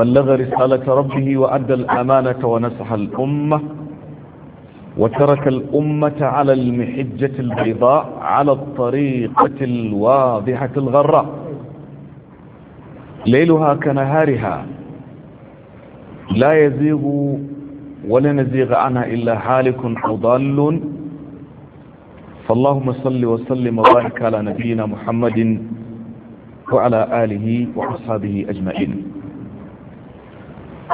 بلغ رسالة ربه وأدى الأمانة ونصح الأمة وترك الأمة على المحجة البيضاء على الطريقة الواضحة الغراء ليلها كنهارها لا يزيغ ولا نزيغ عنها إلا حالك أو ضال فاللهم صل وسلم وبارك على نبينا محمد وعلى آله وأصحابه أجمعين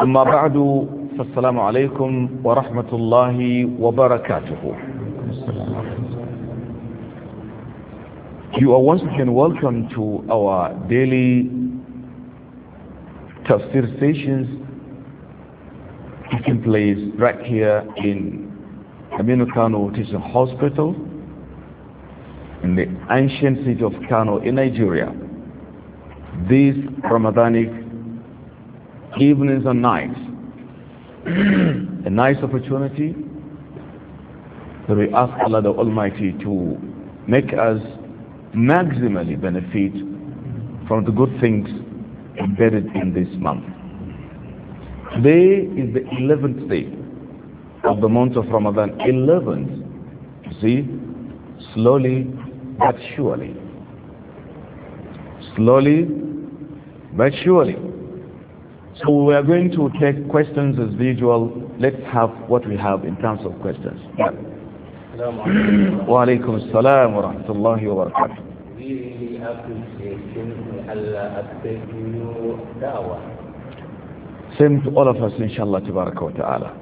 أما بعد فالسلام عليكم ورحمة الله وبركاته You are once again welcome to our daily tafsir sessions taking place right here in Aminu Kano Teaching Hospital in the ancient city of Kano in Nigeria. This Ramadanic evenings and nights. a nice opportunity that we ask Allah the Almighty to make us maximally benefit from the good things embedded in this month. Today is the 11th day of the month of Ramadan. 11th. See, slowly but surely. Slowly but surely so we are going to take questions as usual. Let's have what we have in terms of questions. wa alaikum salam wa rahmatullahi wa barakatuh. We appreciate Allah accept your dawah. Same to all of us, inshallah, tabaraka wa ta'ala.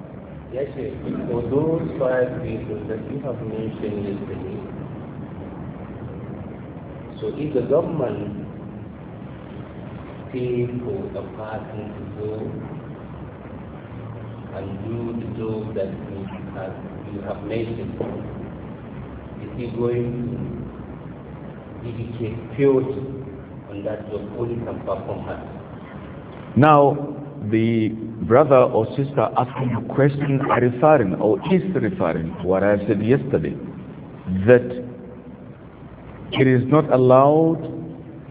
Yes, sir. For those five people that you have mentioned yesterday, so if the government people the person to go and do the job that you have, you have mentioned. Is he going to dedicate purely on that job only can perform that? Now, the brother or sister asking a question are referring or is referring to what I said yesterday that it is not allowed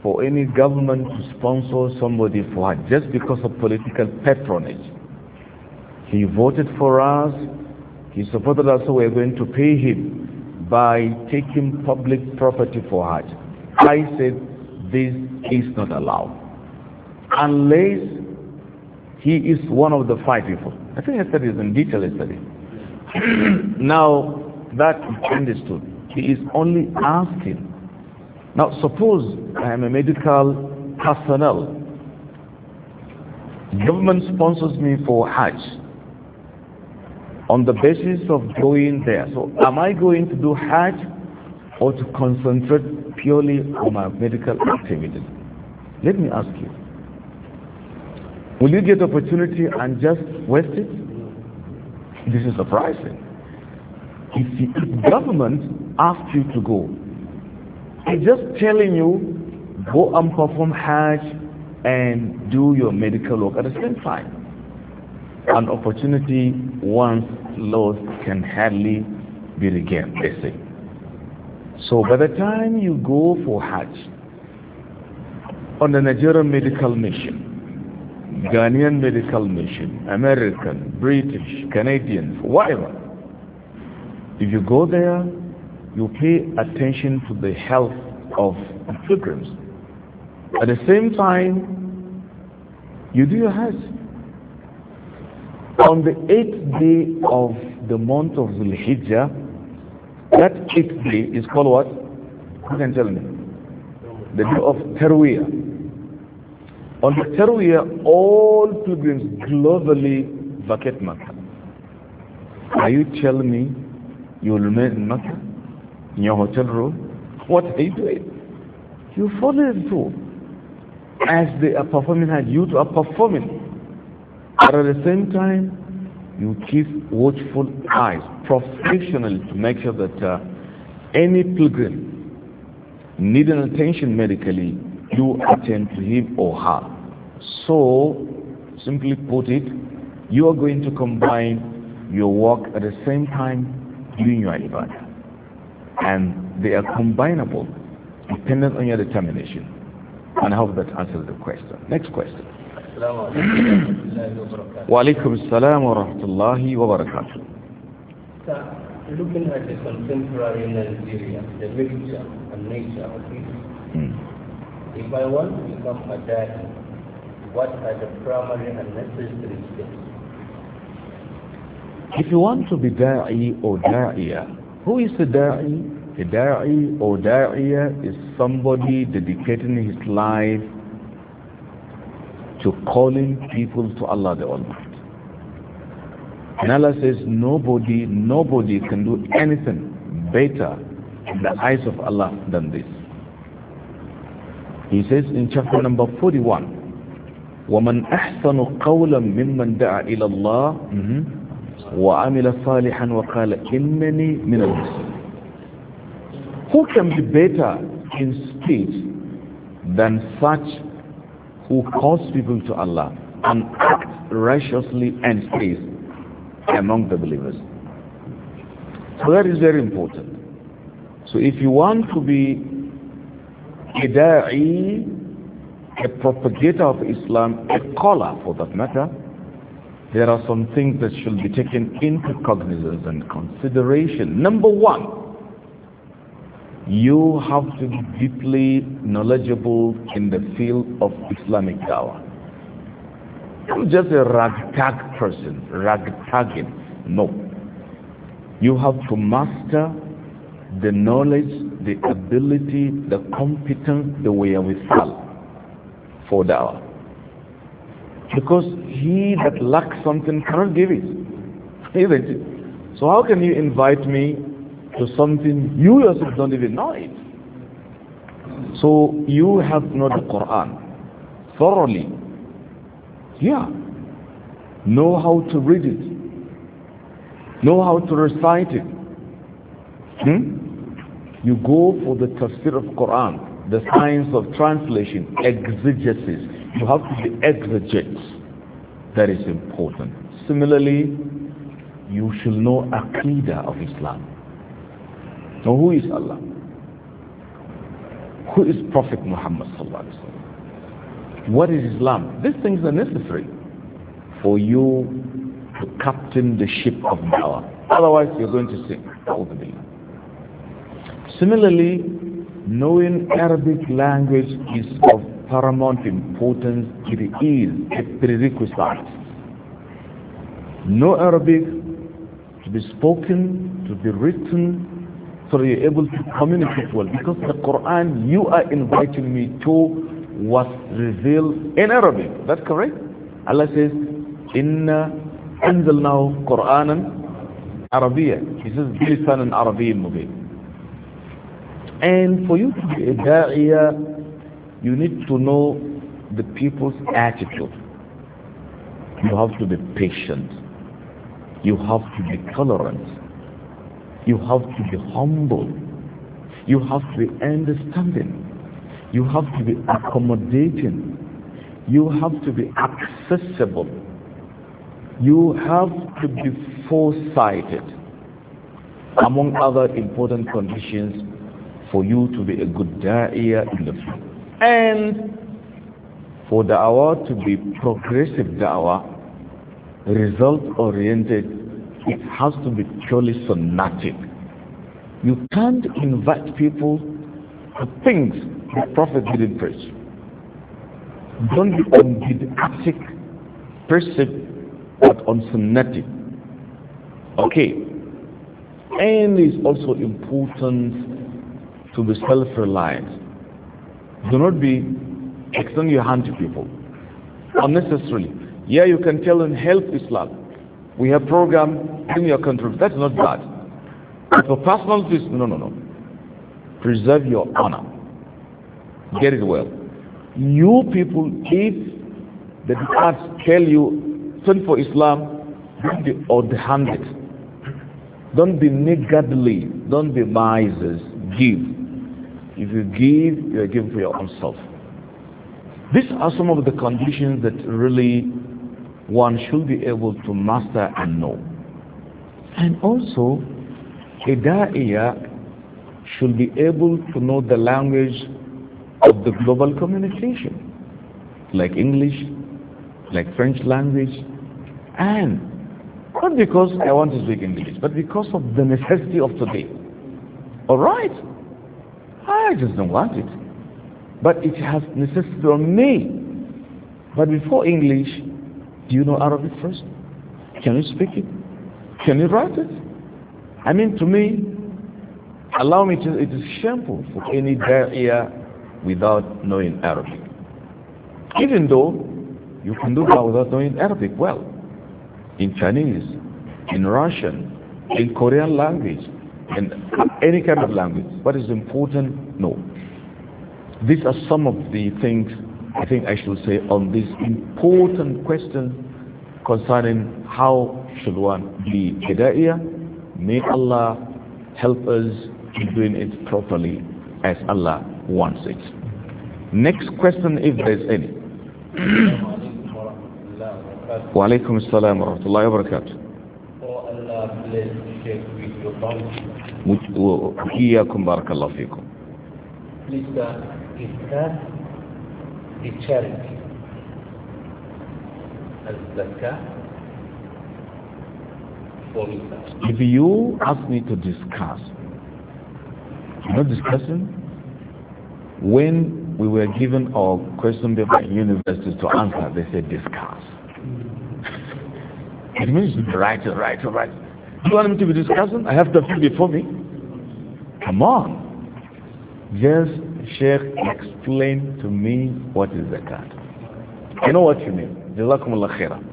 for any government to sponsor somebody for her just because of political patronage. He voted for us, he supported us, so we're going to pay him by taking public property for her. I said this is not allowed. Unless he is one of the five people. I think I said this in detail yesterday. now, the understood. He is only asking now suppose I am a medical personnel. Government sponsors me for Hajj on the basis of going there. So am I going to do Hajj or to concentrate purely on my medical activities? Let me ask you. Will you get opportunity and just waste it? This is surprising. If government asks you to go, I'm just telling you, go and perform Hajj and do your medical work at the same time. An opportunity once lost can hardly be regained, they say. So by the time you go for Hajj, on the Nigerian medical mission, Ghanaian medical mission, American, British, Canadian, whatever. If you go there, you pay attention to the health of the pilgrims. At the same time, you do your Hajj. On the eighth day of the month of Dhul Hijjah, that eighth day is called what? Who can tell me? The day of Tarwiyah. On the Tarwiyah, all pilgrims globally vacate Makkah. Are you telling me you will remain in Makkah? in your hotel room. What are you doing? You follow through. As they are performing as you are performing. But at the same time, you keep watchful eyes, professionally, to make sure that uh, any pilgrim needing attention medically, you attend to him or her. So, simply put it, you are going to combine your work at the same time doing your ibadah and they are combinable depending on your determination. And I hope that answers the question. Next question. wa alaikum salam wa rahmatullahi wa barakatuh. Sir, looking at the contemporary Nigeria, the mixture and nature of it, hmm. if I want to become a dad, what are the primary and necessary steps? If you want to be da'i or da'iyah, who is a da'i? A da'i or da'iyah is somebody dedicating his life to calling people to Allah the Almighty. And Allah says nobody, nobody can do anything better in the eyes of Allah than this. He says in chapter number 41, وَمَنْ أَحْسَنُ قَوْلًا مِمَّنْ دَعَ إِلَى اللَّهِ وعمل صالحا وقال إنني من المسلمين Who can be better in speech than such who calls people to Allah and acts righteously and stays among the believers? So that is very important. So if you want to be a da'i, a propagator of Islam, a caller for that matter, there are some things that should be taken into cognizance and consideration. Number one, you have to be deeply knowledgeable in the field of Islamic dawah. I'm just a ragtag person, ragtagging. No. You have to master the knowledge, the ability, the competence, the way wherewithal for dawah. Because he that lacks something cannot give it. Isn't it? So how can you invite me to something you yourself don't even know it? So you have not the Quran thoroughly. Yeah. Know how to read it. Know how to recite it. Hmm? You go for the tafsir of Quran, the science of translation, exegesis you have to be exegete. That is important. Similarly, you should know leader of Islam. Now who is Allah? Who is Prophet Muhammad What is Islam? These things are necessary for you to captain the ship of power. Otherwise, you're going to sink. Similarly, knowing Arabic language is of paramount importance, it is a prerequisite. No Arabic to be spoken, to be written, so you're able to communicate well. Because the Quran you are inviting me to was revealed in Arabic. That's correct? Allah says, Inna anzalnahu Quranan Arabiya. He says, Bilisan and Arabiyan Mubin. And for you to be a da'iyah, you need to know the people's attitude. You have to be patient. You have to be tolerant. You have to be humble. You have to be understanding. You have to be accommodating. You have to be accessible. You have to be foresighted. Among other important conditions for you to be a good da'iya in the future. And for the hour to be progressive da'wah, result-oriented, it has to be purely sunnatic. You can't invite people to things the Prophet didn't preach. Don't be on bid'atic precept, but on sunnatic. Okay. And it's also important to be self-reliant do not be extend your hand to people unnecessarily. Yeah, you can tell them help Islam. We have program in your country. That's not bad. But for personal peace, no, no, no. Preserve your honor. Get it well. You people, if the guards tell you send for Islam, don't be odd-handed. Don't be niggardly. Don't be misers. Give if you give, you are giving for your own self. These are some of the conditions that really one should be able to master and know. And also, a da'iyah should be able to know the language of the global communication, like English, like French language, and not because I want to speak English, but because of the necessity of today. All right, I just don't want it. But it has necessity on me. But before English, do you know Arabic first? Can you speak it? Can you write it? I mean, to me, allow me to, it is shameful for any da'iyah without knowing Arabic. Even though you can do that without knowing Arabic well, in Chinese, in Russian, in Korean language, in any kind of language. What is important? No. These are some of the things I think I should say on this important question concerning how should one be Hidayah. May Allah help us in doing it properly as Allah wants it. Next question if there's any. Wa alaikum assalam wa rahmatullahi wa barakatuh. Oh, uh, charity as zakah If you ask me to discuss, you know not discussing, when we were given our question paper in universities to answer, they said discuss. It means right, right, right. Do you want me to be discussing? I have to be before me. Come on. Just Sheikh explain to me what is zakat. You know what you mean. Jazakumullah khairah.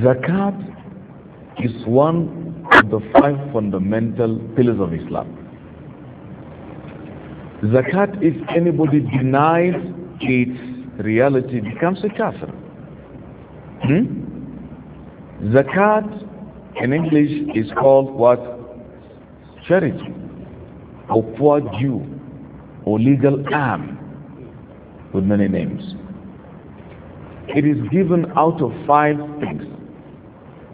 Zakat is one of the five fundamental pillars of Islam. Zakat, if anybody denies its reality, becomes a kafir. Hmm? Zakat in English is called what? Charity or poor Jew or legal arm with many names. It is given out of five things.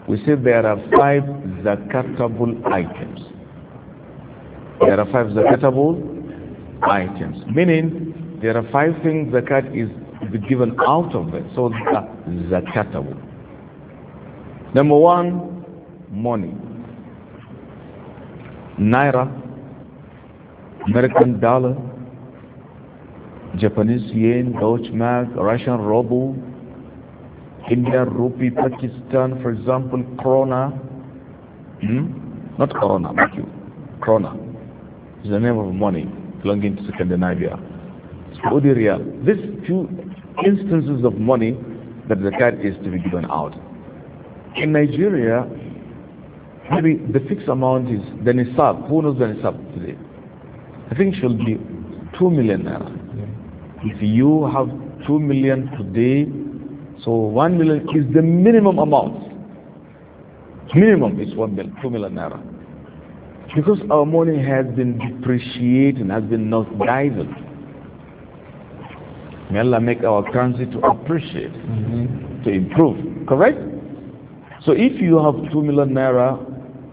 We said there are five zakatable items. There are five zakatable items, meaning there are five things zakat is given out of it, so they zakatable. Number one, money. Naira, American dollar, Japanese yen, Deutsche mark, Russian ruble, Indian rupee, Pakistan, for example, krona. Hmm? Not krona, thank you. Krona is the name of money belonging to Scandinavia. Saudi real. These few instances of money that the zakat is to be given out. In Nigeria, maybe the fixed amount is the nisab. Who knows the nisab today? I think it should be 2 million naira. If you have 2 million today, so 1 million is the minimum amount. Minimum is 1 million, 2 million naira. Because our money has been depreciating, has been not guided. May Allah make our currency to appreciate, mm -hmm. to improve. Correct? So if you have 2 million naira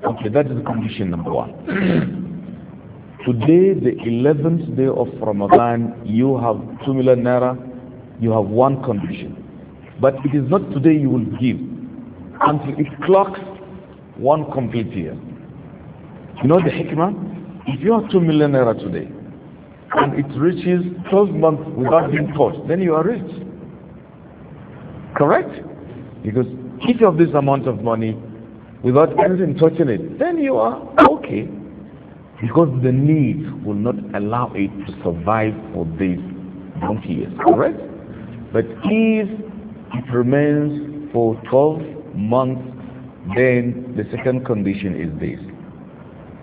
Okay, that is condition number one. Today, the 11th day of Ramadan, you have 2 million naira, you have one condition. But it is not today you will give until it clocks one complete year. You know the hikmah? If you have 2 million naira today, and it reaches 12 months without being caught, then you are rich. Correct? Because if you have this amount of money without anything touching it, then you are okay. Because the need will not allow it to survive for these donkey years, correct? But if it remains for 12 months, then the second condition is this.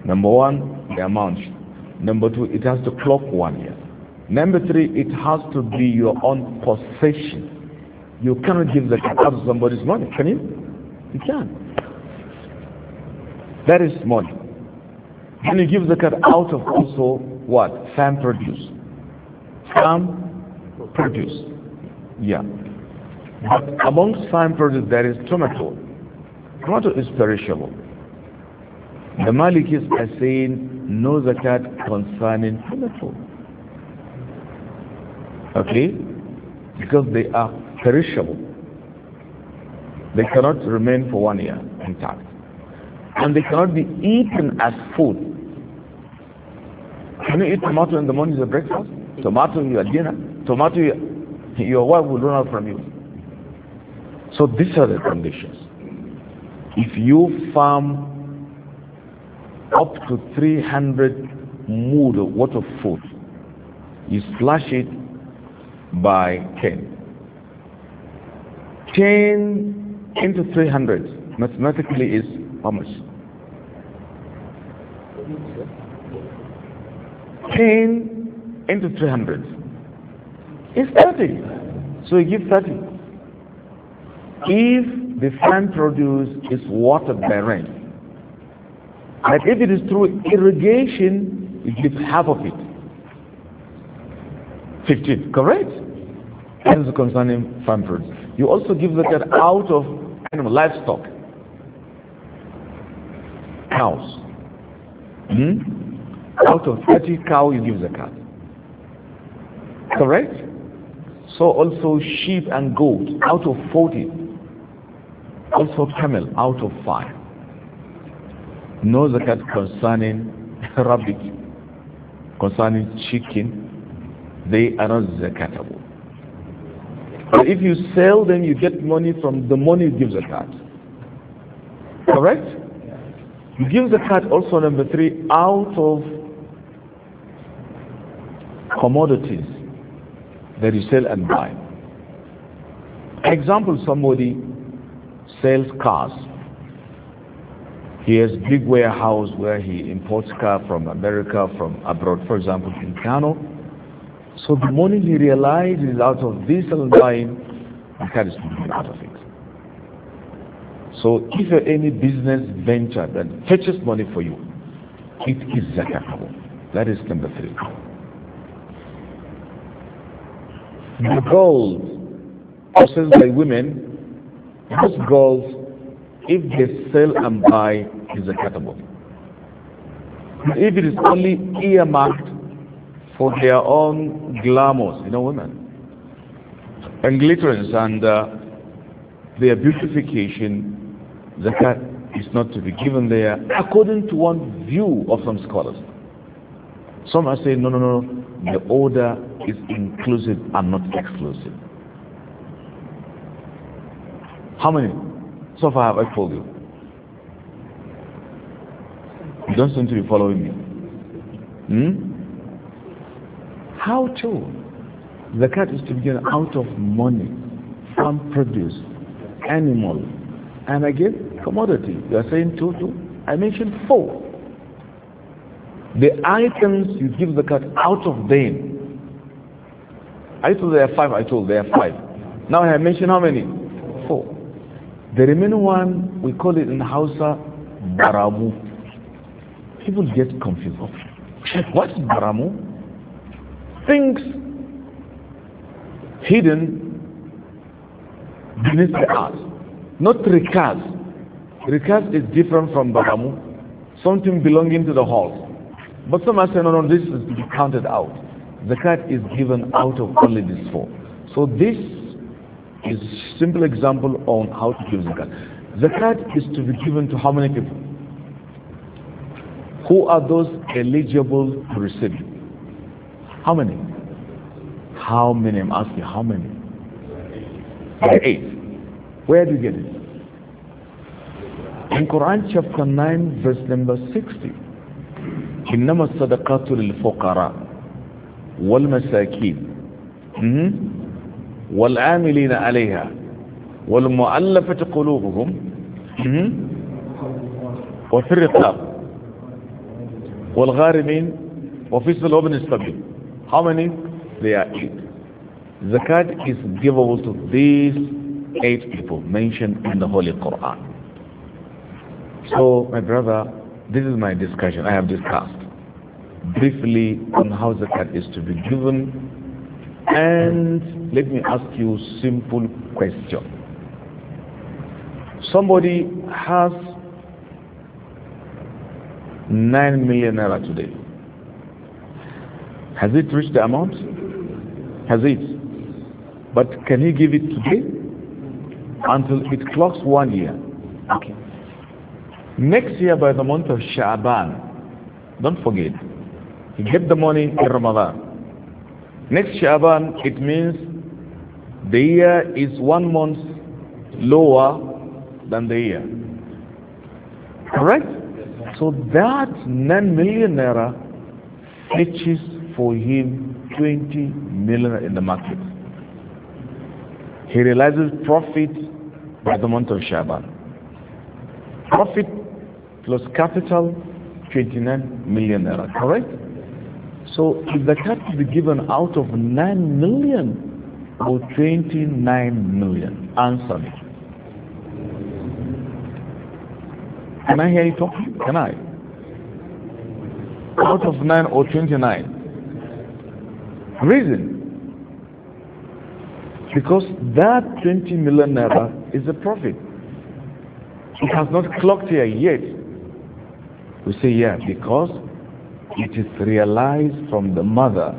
Number one, the amount. Number two, it has to clock one year. Number three, it has to be your own possession. You cannot give the out to somebody's money, can you? You can. That is money. And you give zakat out of also what? Farm produce. Farm produce. Yeah. But amongst farm produce there is tomato. Tomato is perishable. The Malikis are saying no zakat concerning tomato. Okay? Because they are perishable. They cannot remain for one year intact and they cannot be eaten as food. Can you eat tomato in the morning as a breakfast? Tomato your dinner? Tomato your, your wife will run out from you. So these are the conditions. If you farm up to 300 mood of water food, you slash it by 10. 10 into 300 mathematically is how much? 10 into 300 is 30. So you give 30. If the farm produce is watered by rain, but if it is through irrigation, you give half of it. 15, correct? That is concerning farm produce. You also give zakat out of animal livestock. Cows, Hmm? Out of 30 cow, you give zakat. Correct? So also sheep and goat, out of 40. Also camel, out of 5. No zakat concerning rabbit, concerning chicken, they are not zakatable. But if you sell them, you get money from the money you give zakat. Correct? You give zakat also number three out of commodities that you sell and buy. Example, somebody sells cars. He has big warehouse where he imports car from America, from abroad, for example, in Kano. So the morning he realizes out of this and buying, the car is out of it. So if any business venture that fetches money for you, it is zakatable. That is number three. The gold possessed by women, those gold, if they sell and buy, is zakatable. If it is only earmarked for their own glamours, you know, women, and glitterance and uh, their beautification, zakat is not to be given there according to one view of some scholars. Some are saying, no, no, no, the order is inclusive and not exclusive. How many? So far have I told you? You don't seem to be following me. Hmm? How to? Zakat is to be given out of money, farm produce, animal, and again, commodity. You are saying two, two. I mentioned four. The items you give the cut out of them. I told there are five. I told there are five. Now I have mentioned how many? Four. The remaining one, we call it in Hausa, Baramu. People get confused. What's Baramu? Things hidden beneath the earth, not recast Rikas is different from Baramu, something belonging to the hall. But some are saying, no, no, this is to be counted out. Zakat is given out of only these four. So this is a simple example on how to give zakat. Zakat is to be given to how many people? Who are those eligible to receive it? How many? How many? I'm asking, how many? eight. Where do you get it? In Quran chapter 9 verse number 60 إنما الصدقات للفقراء والمساكين والعاملين عليها والمؤلفة قلوبهم وفي الرقاب والغارمين وفي سلوبن السبيل How many? They are eight. Zakat is givable to these eight people mentioned in the Holy Quran. So, my brother, this is my discussion. I have discussed briefly on how zakat is to be given. And let me ask you simple question. Somebody has 9 million naira today. Has it reached the amount? Has it? But can he give it today until it clocks one year? Okay next year by the month of Sha'ban. Don't forget. You get the money in Ramadan. Next Sha'ban, it means the year is one month lower than the year. Correct? So that non-millionaire fetches for him 20 million in the market. He realizes profit by the month of Shaban. Profit plus capital 29 million naira, correct? So if the capital be given out of 9 million or 29 million, answer me. Can I hear you talk? Can I? Out of 9 or 29. Reason. Because that 20 million naira is a profit. It has not clocked here yet. We say, yeah, because it is realized from the mother.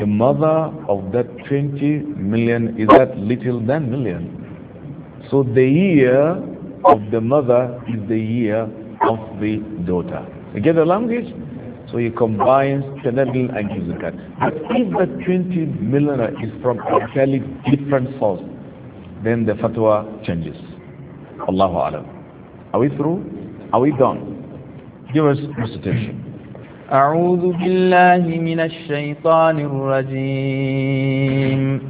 The mother of that 20 million is that little than million. So the year of the mother is the year of the daughter. You get the language? So he combines Tanadil and Gizukat. But if the 20 million is from a entirely different source, then the fatwa changes. Allahu Alam. Are we through? Are we done? Give us أعوذ بالله من الشيطان الرجيم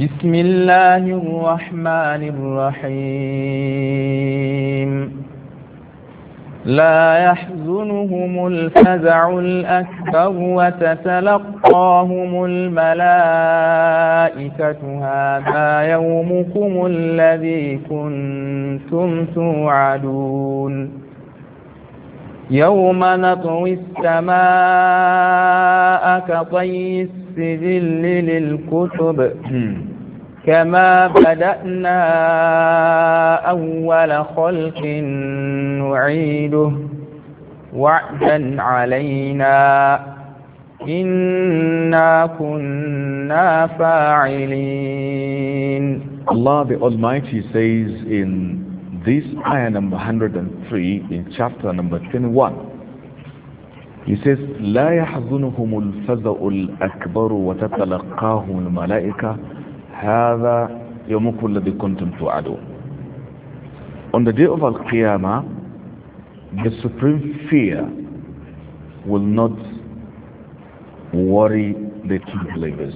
بسم الله الرحمن الرحيم لا يحزنهم الفزع الأكبر وتتلقاهم الملائكة هذا يومكم الذي كنتم توعدون يوم نطوي السماء كطي السجل للكتب كما بدأنا أول خلق نعيده وعدا علينا إنا كنا فاعلين Allah the Almighty says in This ayah number 103 in chapter number 21. He says, لا يحزنهم الفزع الأكبر وتتلقاهم الملائكة هذا يومكم الذي كنتم توعدون. On the day of Al-Qiyamah, the supreme fear will not worry the true believers.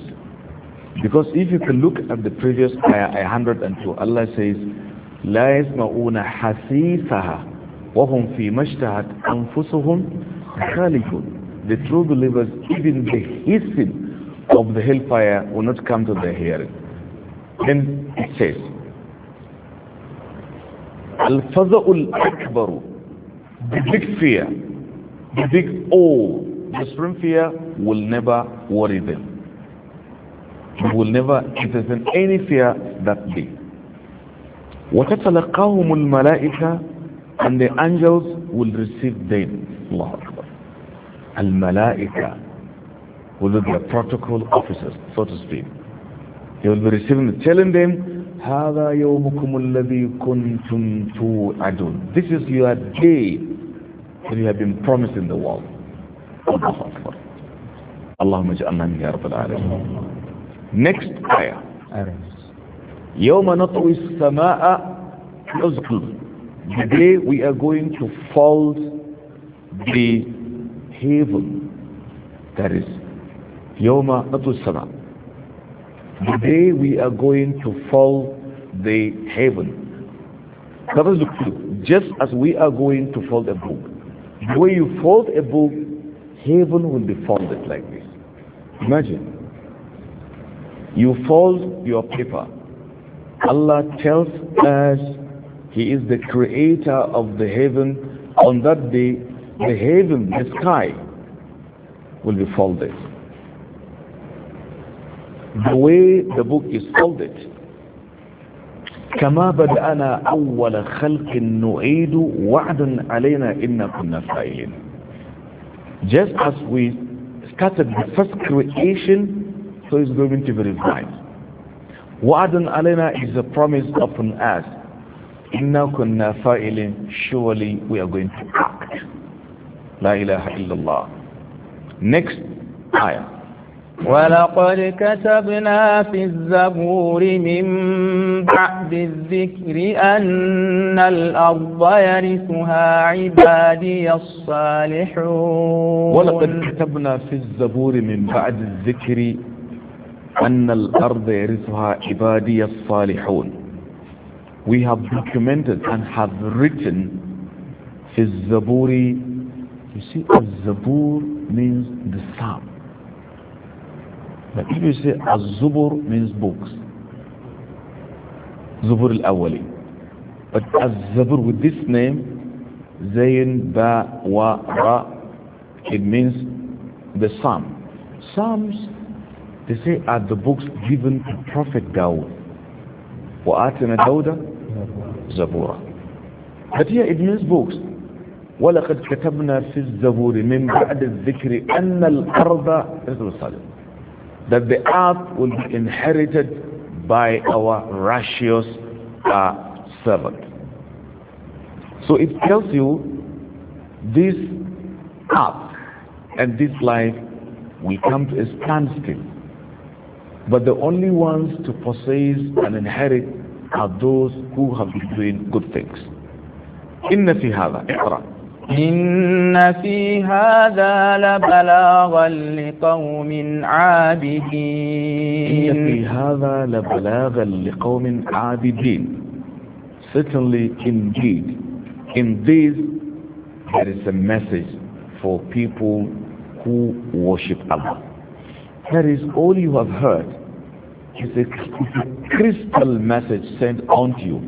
Because if you can look at the previous ayah, 102, Allah says, لا يسمعون حسيسها وهم في مشتهت أنفسهم خالقون The true believers, even the hissing of the hellfire will not come to their hearing. Then it says, al الأكبر the big fear, the big awe, the supreme fear will never worry them. It will never entertain any fear that big. وتتلقاهم الملائكة and the angels will receive them الله أكبر الملائكة will be the protocol officers so to speak they will be receiving telling them هذا يومكم الذي كنتم توعدون this is your day that you have been promised in the world الله أكبر اللهم اجعلنا من يا رب العالمين next ayah يوم نطوي السماء يزقل the day we are going to fold the heaven that is yoma نطوي السماء the day we are going to fold the heaven that is the clue just as we are going to fold a book the way you fold a book heaven will be folded like this imagine you fold your paper Allah tells us He is the creator of the heaven. On that day, the heaven, the sky, will be folded. The way the book is folded. كما بدأنا أول خلق نعيد وعدا علينا إن كنا فاعلين. Just as we started the first creation, so it's going to be revived. Wa'adun alaina is a promise upon us. Inna kunna fa'ilin, surely we are going to act. La ilaha illallah. Next ayah. ولقد كتبنا في الزبور من بعد الذكر أن الأرض يرثها عبادي الصالحون ولقد كتبنا في الزبور من بعد الذكر أن الأرض يرثها عبادي الصالحون we have documented and have written في الزبور you see الزبور means the psalm but if you say الزبور means books زبور الأولي but الزبور with this name زين با و را it means the psalm psalms They say are the books given to Prophet Dawud. وَآتَنَا دَوْدَ زَبُورًا But here it means books. وَلَقَدْ كَتَبْنَا فِي الزَّبُورِ مِنْ بَعْدِ الذِّكْرِ أَنَّ الْأَرْضَ رِزُ That the earth will be inherited by our righteous uh, servant. So it tells you this earth and this life will come to a standstill but the only ones to possess and inherit are those who have been doing good things. إن في هذا إن في هذا لبلاغا لقوم عابدين إن في هذا لبلاغا لقوم عابدين Certainly indeed in this there is a message for people who worship Allah that is all you have heard. It's a, it's a crystal message sent on to you.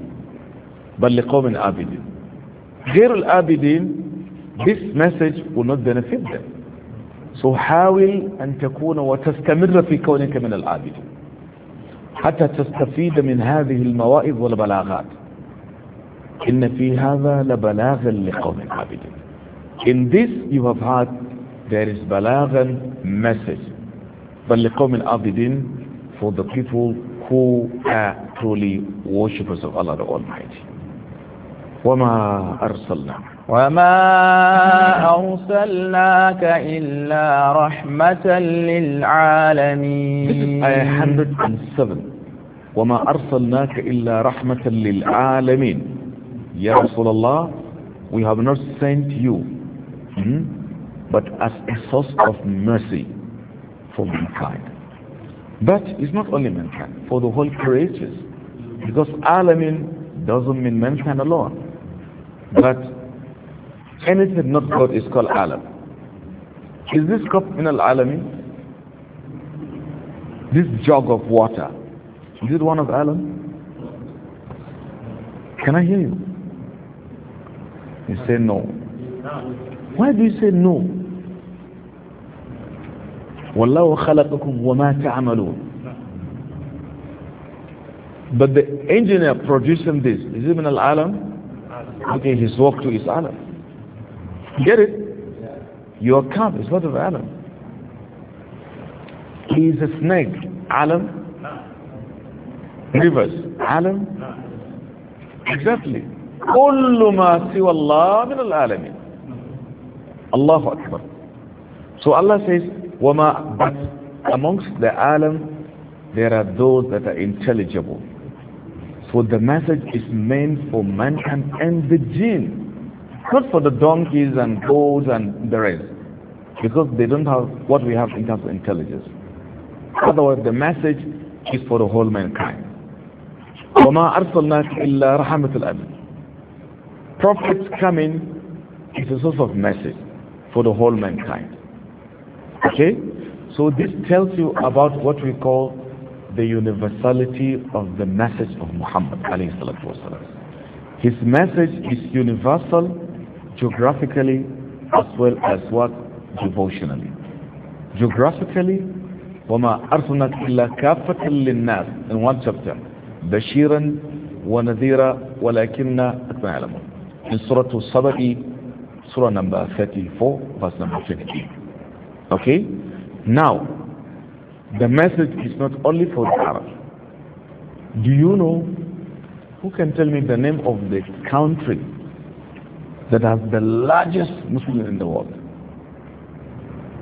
But لقوم عابدين غير العابدين this message will not benefit them. So حاول أن تكون وتستمر في كونك من العابدين حتى تستفيد من هذه المواعظ والبلاغات إن في هذا لبلاغا لقوم عابدين In this you have heard. there is balagan message بل لقوم عابدين for the people who are truly worshippers of Allah the Almighty وما أرسلنا وما أرسلناك إلا رحمة للعالمين This is Ayah 107 وما أرسلناك إلا رحمة للعالمين يا رسول الله we have not sent you hmm, but as a source of mercy for mankind. But it's not only mankind, for the whole creatures. Because Alamin doesn't mean mankind alone. But anything not God is called Alam. Is this cup in Al Alamin? This jug of water, is it one of Alam? Can I hear you? You say no. Why do you say no? والله خلقكم وما تعملون but the engineer producing this is it من العالم okay his work to his alam get it your cup is not of alam he is a snake alam rivers alam exactly كل ما سوى الله من العالمين الله أكبر so Allah says وَمَا But amongst the alam, there are those that are intelligible. So the message is meant for mankind and the jinn, not for the donkeys and goats and the rest, because they don't have what we have in terms of intelligence. Otherwise, the message is for the whole mankind. وَمَا أَرْسَلْنَاكَ إِلَّا رَحْمَةً الْأَبْدِ Prophets coming is a source of message for the whole mankind. Okay? So this tells you about what we call the universality of the message of Muhammad His message is universal geographically as well as what? Devotionally. Geographically, وَمَا أَرْسُنَكْ إِلَّا كَافَةً لِلنَّاسِ In one chapter. بَشِيرًا وَنَذِيرًا وَلَكِنَّا أَكْمَ يَعْلَمُونَ In Surah Al-Sabah, Surah number 34, verse number 15. Okay? Now, the message is not only for the Arabs. Do you know who can tell me the name of the country that has the largest Muslim in the world?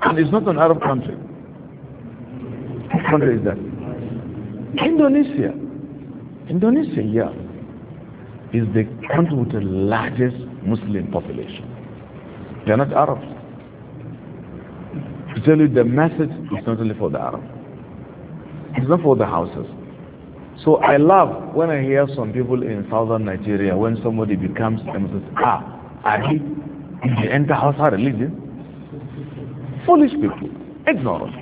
And it's not an Arab country. What country is that? Indonesia. Indonesia, yeah, is the country with the largest Muslim population. They are not Arabs to tell you the message is not only for the Arab. It's not for the houses. So I laugh when I hear some people in southern Nigeria when somebody becomes and says, ah, are he in the entire house are religion? Foolish people, ignorant.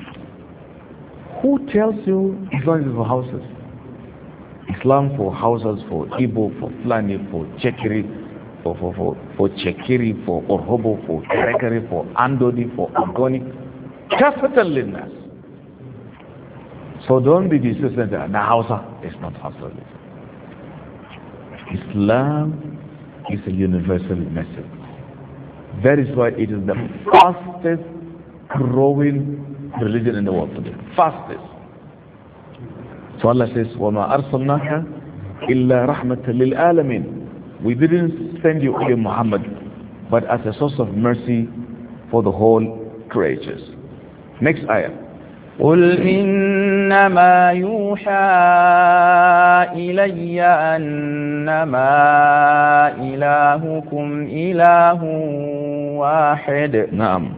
Who tells you Islam is for houses? Islam for houses, for Igbo, for Fulani, for Chekiri, for for for for Chekiri, for Orhobo, for Kerekere, for Andodi, for Agoni kafatan linnas so don't be distant The hausa is not hausa islam is a universal message that is why it is the fastest growing religion in the world today fastest so Allah says وَمَا أَرْسَلْنَاكَ إِلَّا رَحْمَةً لِلْآلَمِينَ we didn't send you only Muhammad but as a source of mercy for the whole creatures next ayah قل إنما يوحى إلي أنما إلهكم إله واحد نعم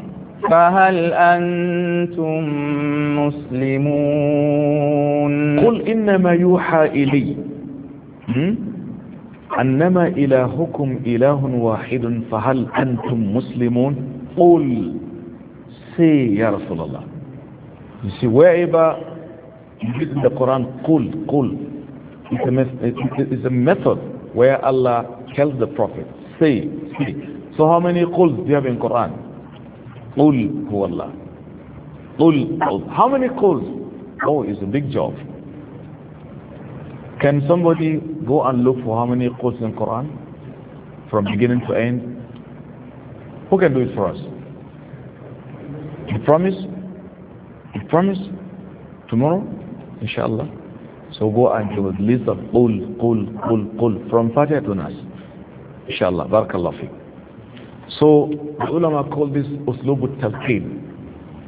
فهل أنتم مسلمون قل إنما يوحى إلي أنما إلهكم إله واحد فهل أنتم مسلمون قل say, Ya Rasulullah. You see, wherever you in the Quran, Qul, Qul, it's a, method where Allah tells the Prophet, say, speak. So how many Quls do you have in Quran? Qul, Huwallah. Qul, قل. How many Quls? Oh, it's a big job. Can somebody go and look for how many Quls in Quran? From beginning to end? Who can do it for us? He promised, he promised, tomorrow, inshallah. So go and give a list of qul, qul, qul, from Fatiha to Nas. Inshallah, barakallah fiqh. So the ulama call this uslub talqeen.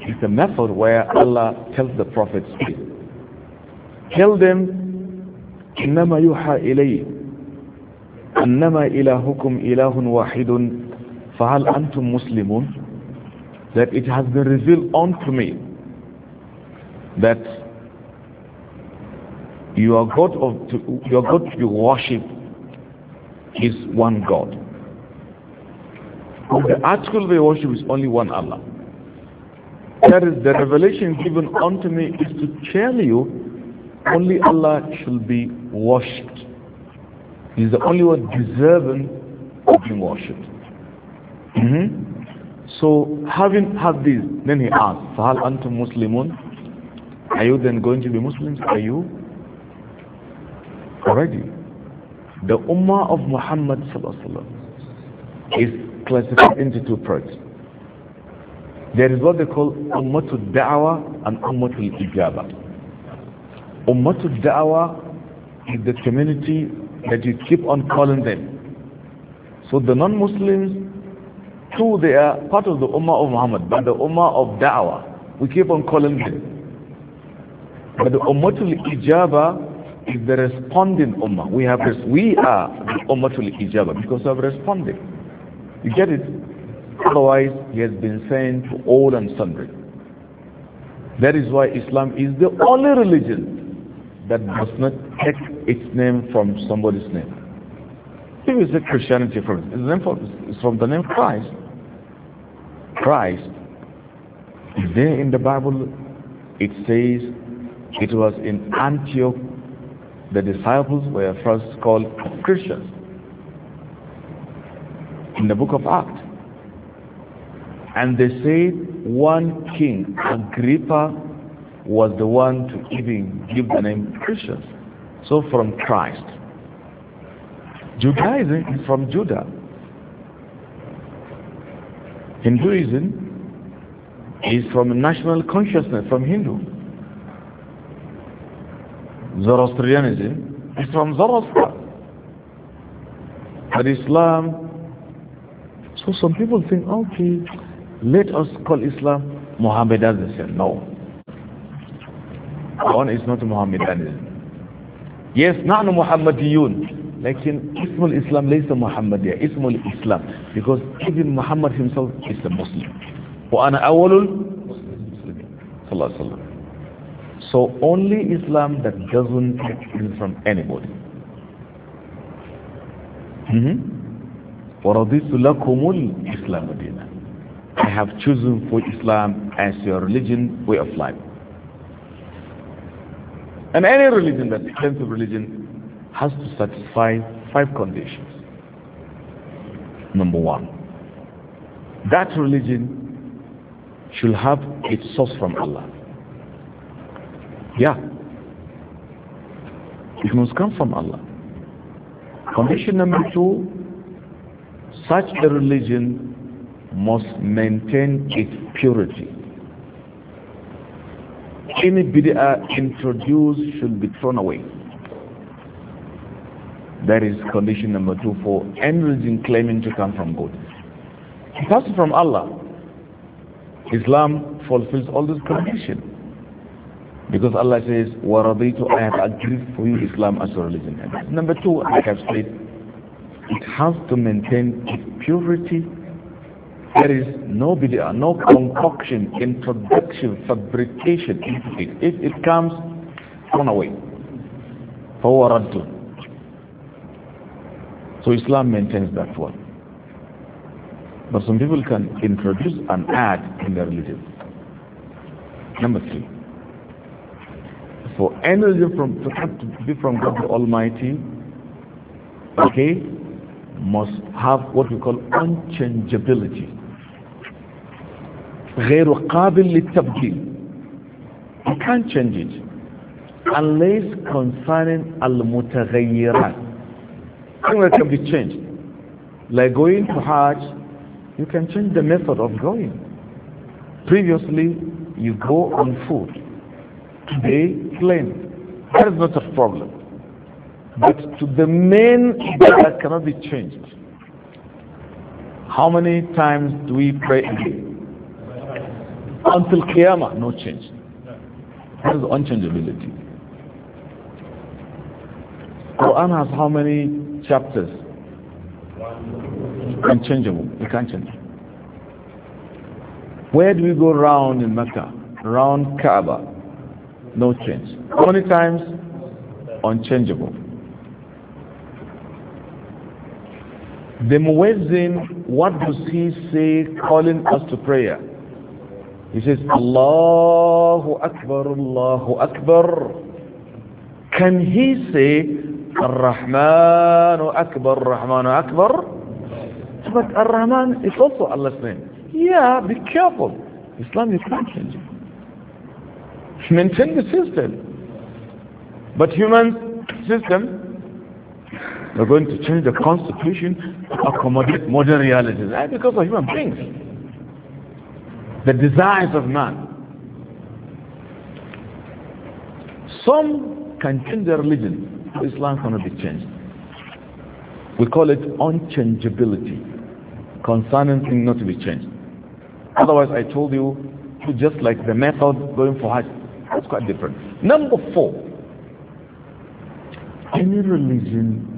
It's a method where Allah tells the prophets, tell them, إنما يوحى إلي أنما إلهكم إله واحد فهل أنتم مسلمون that it has been revealed unto me that your God of to, your God to be worshipped is one God. The article they worship is only one Allah. That is the revelation given unto me is to tell you only Allah shall be worshipped. He is the only one deserving of being worshipped. Mm -hmm. So having had this, then he asked, Sahal antum Muslimun? Are you then going to be Muslims? Are you? Already. The Ummah of Muhammad is classified into two parts. There is what they call Ummatul Da'wah and Ummatul Ijaba. Ummatul Da'wah is the community that you keep on calling them. So the non-Muslims True, they are part of the Ummah of Muhammad, but the Ummah of Da'wah. We keep on calling them. But the Ummatul Ijaba is the responding Ummah. We, have, we are the Ummatul Ijaba because we have responded. You get it? Otherwise, he has been sent to all and sundry. That is why Islam is the only religion that does not take its name from somebody's name. Where is the Christianity from? It's from the name Christ. Christ. There in the Bible, it says it was in Antioch the disciples were first called Christians. In the book of Acts. And they say one king, Agrippa, was the one to even give the name Christians. So from Christ. Judaism is from Judah. Hinduism is from national consciousness, from Hindu. Zoroastrianism is from Zoroaster. But Islam, so some people think, okay, let us call Islam Mohammedanism. No. One is not Mohammedanism. Yes, نحن محمديون Lakin Ismul Islam ليس Muhammadiyya, Ismul Islam because even Muhammad himself is a Muslim. وأنا أول صلى الله عليه وسلم. So only Islam that doesn't take from anybody. وَرَضِيتُ لَكُمُ الْإِسْلَامُ دِينًا I have chosen for Islam as your religion, way of life. And any religion that claims of religion has to satisfy five conditions. Number one, that religion should have its source from Allah. Yeah. It must come from Allah. Condition number two, such a religion must maintain its purity. Any bid'ah introduced should be thrown away. That is condition number two for any religion claiming to come from God. It comes from Allah. Islam fulfills all these conditions. Because Allah says, وَرَضِيتُ I have agreed for you Islam as a religion. And number two, like I've said, it has to maintain its purity. There is no bid'ah, no concoction, introduction, fabrication into it. If it comes, thrown away. فَوَرَدُّ so Islam maintains that one. But some people can introduce and add in their religion. Number three. For any religion from, to have to be from God the Almighty, okay, must have what we call unchangeability. غير قابل للتبديل. You can't change it unless concerning al-mutaghayyirat Things that can be changed. Like going to Hajj, you can change the method of going. Previously, you go on foot. Today, plane. That is not a problem. But to the main that cannot be changed. How many times do we pray Until Qiyamah, no change. That is unchangeability. Quran has how many chapters unchangeable you can't change where do we go round in Mecca round Kaaba no change how many times unchangeable the muezzin what does he say calling us to prayer he says Allahu Akbar Allahu Akbar can he say الرحمن أكبر الرحمن أكبر but الرحمن is على الاثنين يا yeah الإسلام careful Islam is not changing maintain the system but human system they're going to change the constitution to accommodate modern realities right? because of human beings the desires of man some can change their religion Islam cannot be changed. We call it unchangeability, concerning things not to be changed. Otherwise, I told you, just like the method going for Hajj, that's quite different. Number four, any religion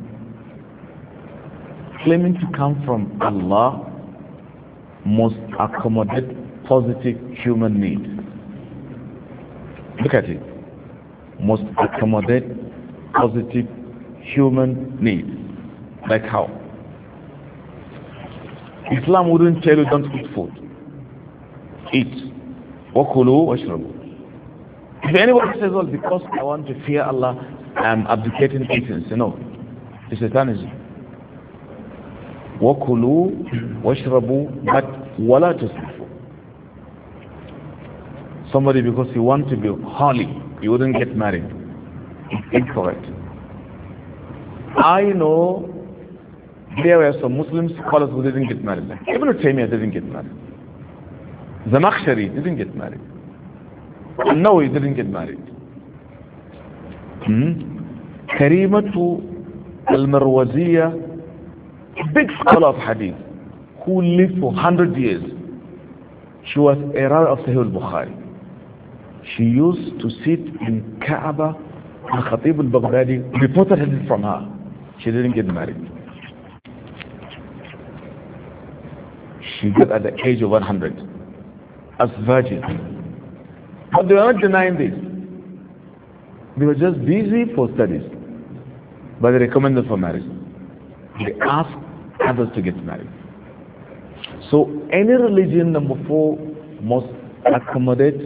claiming to come from Allah must accommodate positive human need. Look at it. Must accommodate positive human need Like how? Islam wouldn't tell you don't eat food. Eat. Wakulu washrabu. If anybody says, well, because I want to fear Allah, I'm abdicating no. It's satanism. Wakulu washrabu but wala Somebody because he wants to be holy, he wouldn't get married. incorrect. I know there were some Muslim scholars who didn't get married. Like Ibn Taymiyyah didn't get married. Zamakhshari didn't get married. No, he didn't get married. Hmm? al-Marwaziyah, big scholar of hadith, who lived for 100 years. She was a runner of Sahih al-Bukhari. She used to sit in Kaaba And Khatib reported it from her. She didn't get married. She got at the age of 100 as virgin. But they were not denying this. They were just busy for studies. But they recommended for marriage. They asked others to get married. So any religion, number four, must accommodate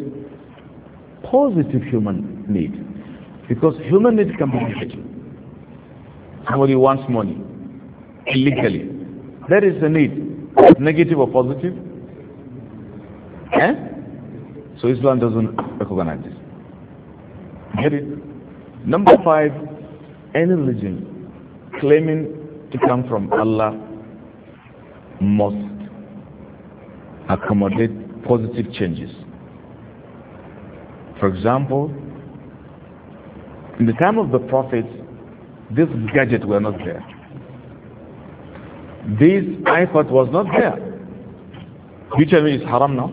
positive human need. Because human needs can be met. Somebody wants money illegally. That is the need. Negative or positive? Eh? So Islam doesn't recognize this. Get it? Number five, any religion claiming to come from Allah must accommodate positive changes. For example, in the time of the prophets, this gadget were not there. This iPod was not there. You tell me it's haram now?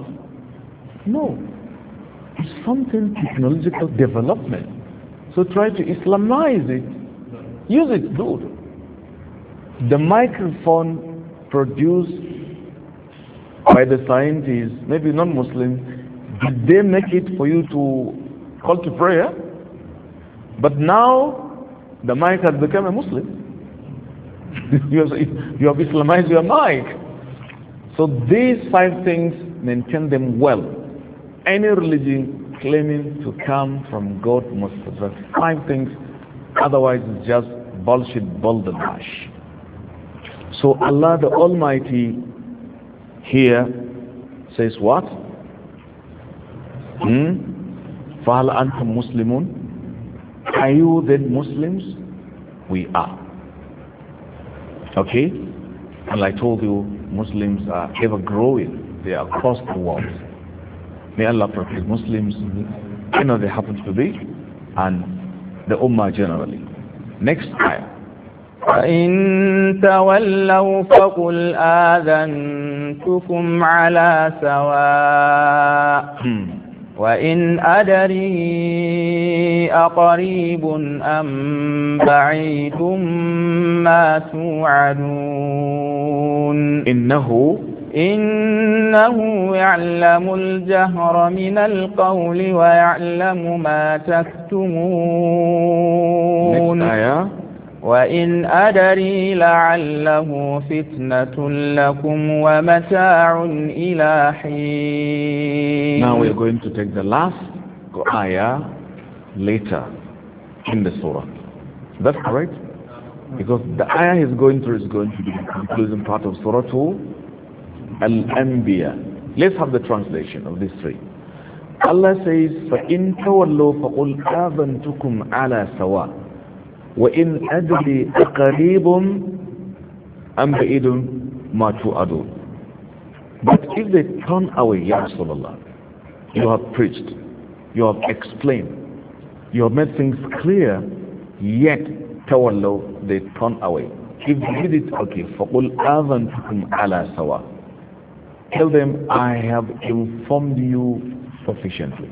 No. It's something technological development. So try to Islamize it. Use it, good. The microphone produced by the scientists, maybe non muslims did they make it for you to call to prayer? But now the mic has become a Muslim. you, have, you have Islamized your mic. So these five things, maintain them well. Any religion claiming to come from God must address five things, otherwise it's just bullshit, balderdash. So Allah the Almighty here says what? Hmm? فَهَلْ أَنْتُمْ مُسْلِمُونَ are you then Muslims? We are. Okay? And I told you, Muslims are ever growing. They are across the world. May Allah protect Muslims. You know they happen to be. And the Ummah generally. Next time. فإن تولوا فقل آذنتكم على سواء hmm. وإن أدري أقريب أم بعيد ما توعدون إنه إنه يعلم الجهر من القول ويعلم ما تكتمون وإن أدري لعله فتنة لكم ومتاع إلى حين Now we're going to take the last ayah later in the surah. That's correct? Because the ayah is going through is going to be the conclusion part of Surah 2 Al-Anbiya. Let's have the translation of these three. Allah says, فَإِن تَوَلُّوا فَقُلْ آذَنْتُكُمْ عَلَى سَوَاءٍ وإن أدري أقريب أم بعيد ما توعدون But if they turn away, Ya Rasulullah, you have preached, you have explained, you have made things clear, yet tawallu, they turn away. If you did it, okay, فَقُلْ آذَنْتُكُمْ عَلَى سَوَى Tell them, I have informed you sufficiently.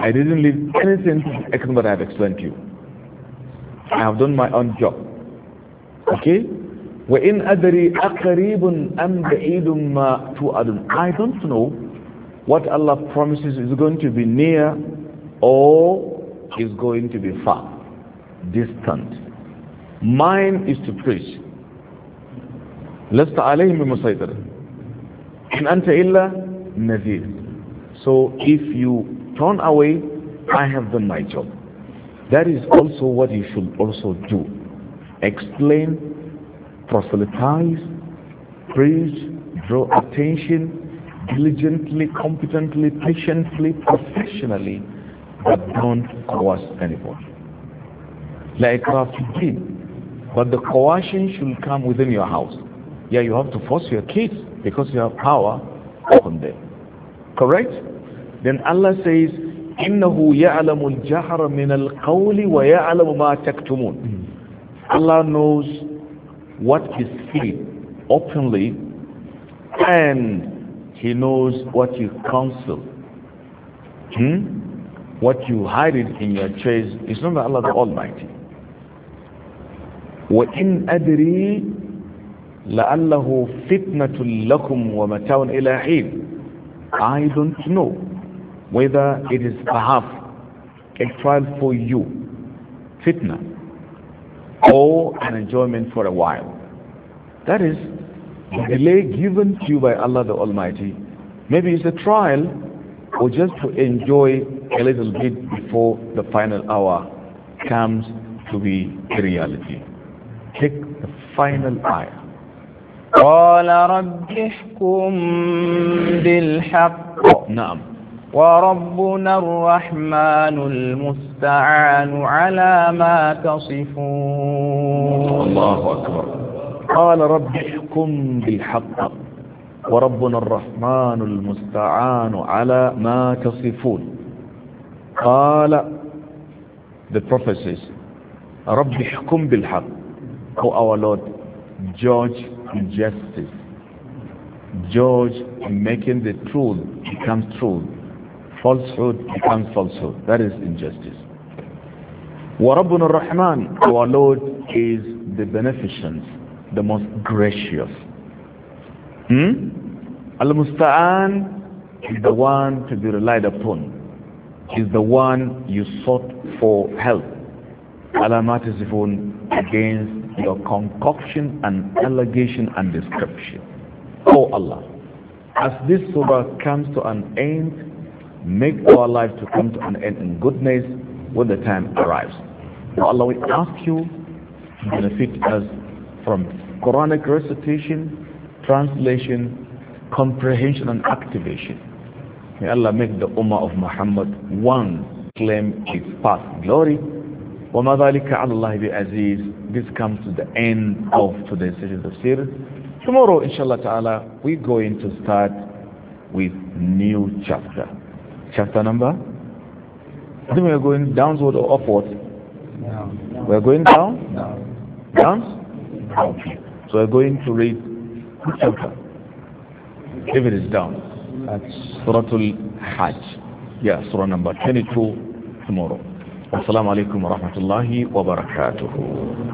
I didn't leave anything except I have explained to you. I have done my own job. Okay? وَإِنْ أَدْرِي أَقَرِيبٌ أَمْ بَعِيدٌ مَا تُوَعَدٌ I don't know what Allah promises is going to be near or is going to be far, distant. Mine is to preach. لَسْتَ عَلَيْهِمْ بِمُسَيْطَرٍ إِنْ أَنْتَ إِلَّا نَذِيرٌ So if you turn away, I have done my job. That is also what you should also do. Explain, proselytize, preach, draw attention diligently, competently, patiently, professionally, but don't coerce anybody. Like Rafiqin. But the coercion should come within your house. Yeah, you have to force your kids because you have power upon them. Correct? Then Allah says, إِنَّهُ يَعْلَمُ الْجَهْرَ مِنَ qawli wa ya'lamu ma taktumun Allah knows what is hid openly and he knows what you counsel hmm? what you hide in your chest is not that Allah the Almighty وَإِنْ أَدْرِي لَأَلَّهُ فِتْنَةٌ لَكُمْ وَمَتَاوٌ إِلَىٰ حِينٍ I don't know whether it is perhaps a trial for you, fitna, or an enjoyment for a while. That is the delay given to you by Allah the Almighty. Maybe it's a trial or just to enjoy a little bit before the final hour comes to be reality. Take the final ayah. قال رب احكم بالحق نعم وربنا الرحمن المستعان على ما تصفون الله أكبر قال رب احكم بالحق وربنا الرحمن المستعان على ما تصفون قال the prophet says رب احكم بالحق O our Lord judge justice judge in making the truth become truth falsehood becomes falsehood. That is injustice. وَرَبُّنَ Rahman, Our Lord is the beneficent, the most gracious. Hmm? Al-Musta'an is the one to be relied upon. Is the one you sought for help. Alamatisifun against your concoction and allegation and description. Oh Allah, as this surah comes to an end, make our life to come to an end in goodness when the time arrives. Now Allah, we ask you to benefit us from Quranic recitation, translation, comprehension and activation. May Allah make the Ummah of Muhammad one claim its past glory. This comes to the end of today's session of series. Tomorrow, inshallah ta'ala, we're going to start with new chapter chapter number? I think we're going downward or upward. We're going down? Down. Down? So we're going to read which chapter? If it is down. That's Suratul Hajj. Yeah, Surah number 22 tomorrow. Assalamu alaikum wa rahmatullahi wa barakatuh.